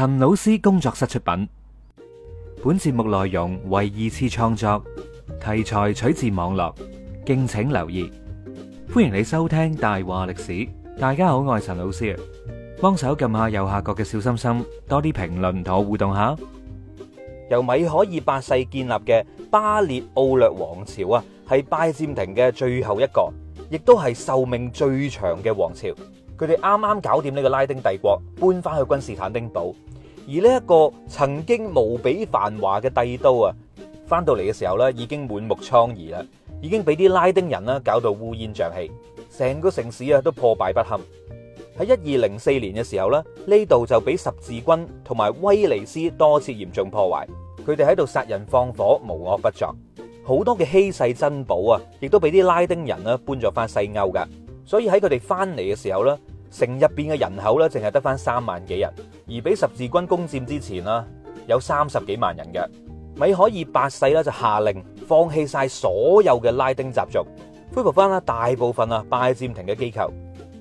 陳老師工作室出品，本節目內容為二次創作，題材取自網絡，敬請留意。歡迎你收聽《大話歷史》，大家好，我係陳老師。幫手撳下右下角嘅小心心，多啲評論同我互動下。由米可爾八世建立嘅巴列奧略王朝啊，係拜占庭嘅最後一個，亦都係壽命最長嘅王朝。佢哋啱啱搞掂呢個拉丁帝國，搬翻去君士坦丁堡，而呢一個曾經無比繁華嘅帝都啊，翻到嚟嘅時候呢，已經滿目瘡痍啦，已經俾啲拉丁人啦搞到烏煙瘴氣，成個城市啊都破敗不堪。喺一二零四年嘅時候呢，呢度就俾十字軍同埋威尼斯多次嚴重破壞，佢哋喺度殺人放火，無惡不作，好多嘅稀世珍寶啊，亦都俾啲拉丁人咧搬咗翻西歐噶，所以喺佢哋翻嚟嘅時候呢。城入面嘅人口咧，淨係得翻三萬幾人，而俾十字軍攻佔之前啦，有三十幾萬人嘅。米海爾八世咧，就下令放棄曬所有嘅拉丁習俗，恢復翻啦大部分啊拜占庭嘅機構。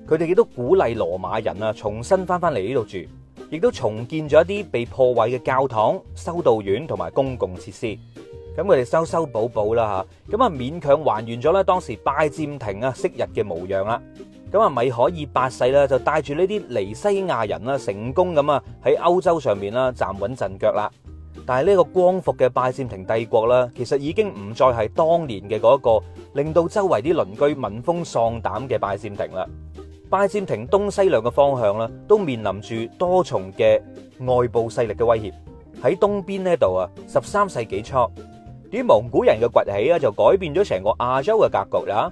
佢哋亦都鼓勵羅馬人啊，重新翻翻嚟呢度住，亦都重建咗一啲被破壞嘅教堂、修道院同埋公共設施。咁佢哋修修補補啦嚇，咁啊勉強還原咗咧當時拜占庭啊昔日嘅模樣啦。咁啊，米海爾八世啦，就帶住呢啲尼西亞人啦，成功咁啊喺歐洲上面啦站穩陣腳啦。但係呢個光復嘅拜占庭帝國啦，其實已經唔再係當年嘅嗰個令到周圍啲鄰居聞風喪膽嘅拜占庭啦。拜占庭東西兩個方向啦，都面臨住多重嘅外部勢力嘅威脅。喺東邊呢度啊，十三世紀初啲蒙古人嘅崛起啊，就改變咗成個亞洲嘅格局啦。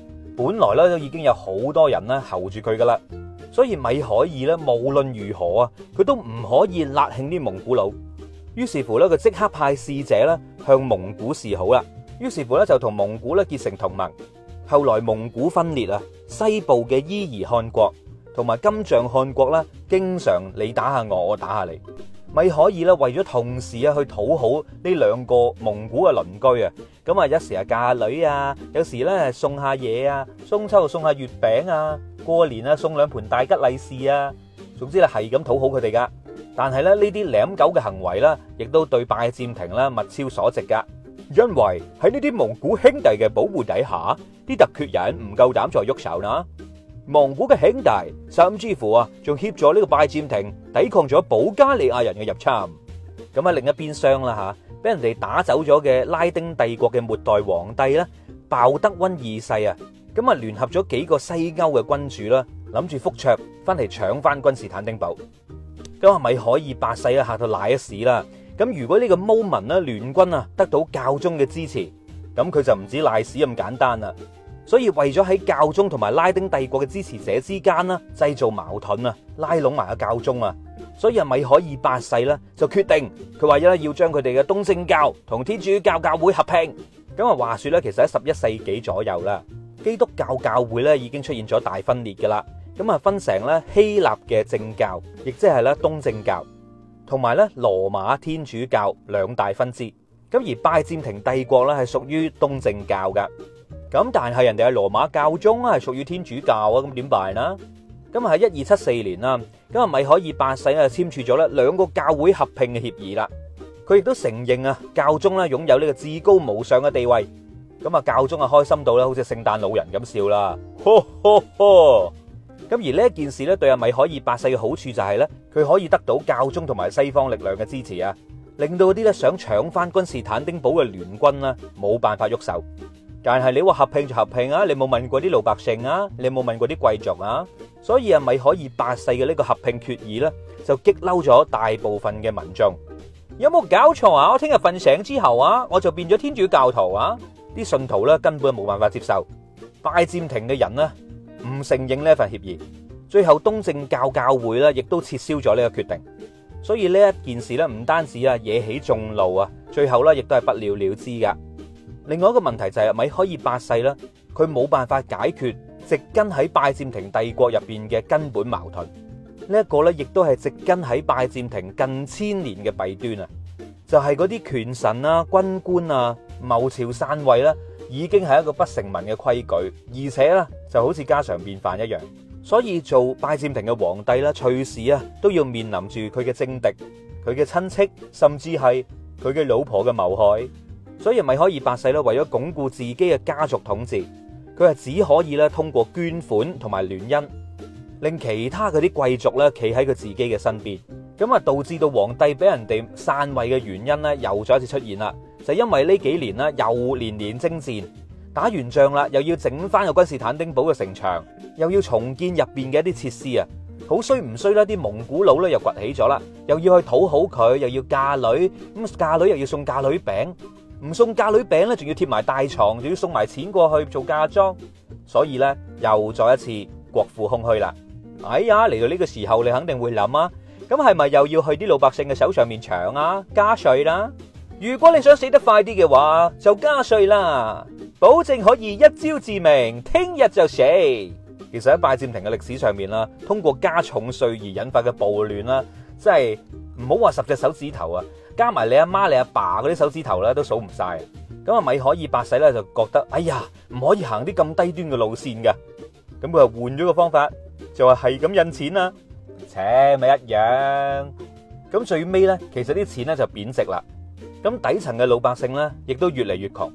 本來咧都已經有好多人咧候住佢噶啦，所以米海爾咧無論如何啊，佢都唔可以勒慶啲蒙古佬。於是乎咧，佢即刻派使者咧向蒙古示好啦。於是乎咧，就同蒙古咧結成同盟。後來蒙古分裂啊，西部嘅伊兒汗國同埋金帳汗國咧，經常你打下我，我打下你。米海爾咧為咗同時啊去討好呢兩個蒙古嘅鄰居啊。咁啊，有時啊，嫁下女啊，有時咧送下嘢啊，中秋送下月餅啊，過年啊送兩盆大吉利是啊，總之咧係咁討好佢哋噶。但係咧呢啲舔狗嘅行為啦，亦都對拜占庭啦物超所值噶。因為喺呢啲蒙古兄弟嘅保護底下，啲突厥人唔夠膽再喐手啦。蒙古嘅兄弟甚至乎啊，仲協助呢個拜占庭抵抗咗保加利亞人嘅入侵。咁喺另一邊廂啦吓。俾人哋打走咗嘅拉丁帝國嘅末代皇帝咧，鮑德溫二世啊，咁啊聯合咗幾個西歐嘅君主啦，諗住覆卓翻嚟搶翻君士坦丁堡，咁係咪可以百世吓到賴一屎啦？咁如果呢個穆民啦聯軍啊得到教宗嘅支持，咁佢就唔止賴屎咁簡單啦。所以為咗喺教宗同埋拉丁帝國嘅支持者之間啦製造矛盾啊，拉攏埋個教宗啊。所以米海爾八世啦，就決定，佢話咧，要將佢哋嘅東正教同天主教教會合併。咁啊話說咧，其實喺十一世紀左右啦，基督教教會咧已經出現咗大分裂嘅啦。咁啊分成咧希臘嘅正教，亦即係咧，東正教，同埋咧羅馬天主教兩大分支。咁而拜占庭帝國咧係屬於東正教嘅。咁但係人哋係羅馬教宗係屬於天主教啊，咁點辦呢？咁啊喺一二七四年啦，咁啊米海爾八世啊簽署咗咧兩個教會合併嘅協議啦，佢亦都承認啊教宗咧擁有呢個至高無上嘅地位，咁啊教宗啊開心到咧好似聖誕老人咁笑啦，呵呵呵，咁而呢一件事咧對啊米海爾八世嘅好處就係咧佢可以得到教宗同埋西方力量嘅支持啊，令到嗰啲咧想搶翻君士坦丁堡嘅聯軍咧冇辦法喐手。但係你話合併就合併啊！你冇問過啲老百姓啊，你冇問過啲貴族啊，所以啊咪可以八世嘅呢個合併決議咧，就激嬲咗大部分嘅民眾。有冇搞錯啊？我聽日瞓醒之後啊，我就變咗天主教徒啊！啲信徒咧根本冇辦法接受拜占庭嘅人咧唔承認呢一份協議。最後東正教教會咧亦都撤銷咗呢個決定。所以呢一件事咧唔單止啊惹起眾怒啊，最後咧亦都係不了了之噶。另外一個問題就係米海爾八世咧，佢冇辦法解決植根喺拜占庭帝國入邊嘅根本矛盾。呢、這、一個呢，亦都係植根喺拜占庭近千年嘅弊端啊！就係嗰啲權臣啊、軍官啊、謀朝篡位咧，已經係一個不成文嘅規矩，而且咧就好似家常便飯一樣。所以做拜占庭嘅皇帝啦，隨時啊，都要面臨住佢嘅政敵、佢嘅親戚，甚至係佢嘅老婆嘅謀害。所以米海爾八世咧，為咗鞏固自己嘅家族統治，佢係只可以咧通過捐款同埋聯姻，令其他嗰啲貴族咧企喺佢自己嘅身邊。咁啊，導致到皇帝俾人哋散位嘅原因咧，又再一次出現啦。就是、因為呢幾年咧又年年征戰，打完仗啦，又要整翻個君士坦丁堡嘅城牆，又要重建入邊嘅一啲設施啊。好衰唔衰啦，啲蒙古佬咧又崛起咗啦，又要去討好佢，又要嫁女咁嫁女，又要送嫁女餅。唔送嫁女餅咧，仲要貼埋大床，仲要送埋錢過去做嫁妝，所以呢又再一次國庫空虛啦。哎呀，嚟到呢個時候，你肯定會諗啊，咁係咪又要去啲老百姓嘅手上面搶啊？加稅啦！如果你想死得快啲嘅話，就加稅啦，保證可以一朝致命，聽日就死。其實喺拜占庭嘅歷史上面啦，通過加重稅而引發嘅暴亂啦，即係。唔好話十隻手指頭啊，加埋你阿媽、你阿爸嗰啲手指頭咧，都數唔晒。咁啊，米可以八世咧，就覺得哎呀，唔可以行啲咁低端嘅路線噶。咁佢啊換咗個方法，就話係咁印錢啦，扯咪一樣。咁最尾咧，其實啲錢咧就貶值啦。咁底層嘅老百姓咧，亦都越嚟越窮。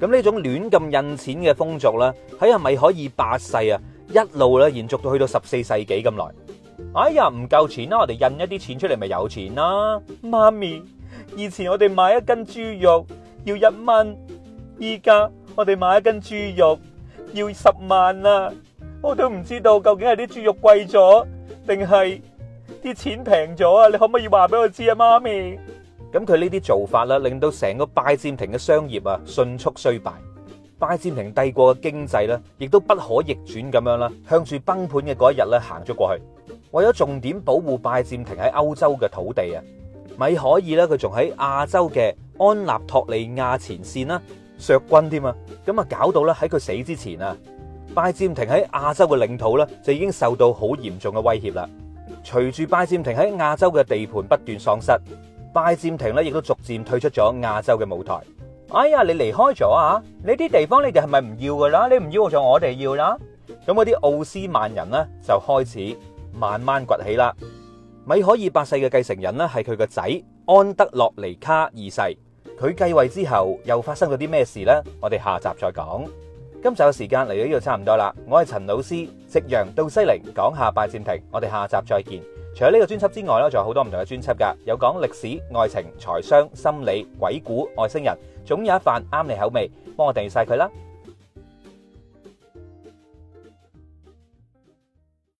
咁呢種亂咁印錢嘅風俗咧，喺啊米可以八世啊一路咧延續到去到十四世紀咁耐。哎呀，唔夠錢啦、啊！我哋印一啲錢出嚟咪有錢啦、啊，媽咪。以前我哋買一斤豬肉要一蚊，依家我哋買一斤豬肉要十萬啦、啊！我都唔知道究竟係啲豬肉貴咗，定係啲錢平咗啊？你可唔可以話俾我知啊，媽咪？咁佢呢啲做法啦，令到成個拜占庭嘅商業啊，迅速衰敗。拜占庭帝國嘅經濟咧，亦都不可逆轉咁樣啦，向住崩盤嘅嗰一日咧行咗過去。為咗重點保護拜占庭喺歐洲嘅土地啊，米海爾咧佢仲喺亞洲嘅安納托利亞前線啦，削軍添啊，咁啊搞到咧喺佢死之前啊，拜占庭喺亞洲嘅領土咧就已經受到好嚴重嘅威脅啦。隨住拜占庭喺亞洲嘅地盤不斷喪失，拜占庭咧亦都逐漸退出咗亞洲嘅舞台。哎呀，你離開咗啊？你啲地方你哋係咪唔要噶啦？你唔要就我哋要啦。咁嗰啲奧斯曼人咧就開始。慢慢崛起啦！米可以八世嘅繼承人呢，係佢個仔安德洛尼卡二世，佢繼位之後又發生咗啲咩事呢？我哋下集再講。今集嘅時間嚟到呢度差唔多啦，我係陳老師，夕陽到西寧講下拜占庭，我哋下集再見。除咗呢個專輯之外呢，仲有好多唔同嘅專輯噶，有講歷史、愛情、財商、心理、鬼故、外星人，總有一瓣啱你口味，幫我訂閱晒佢啦！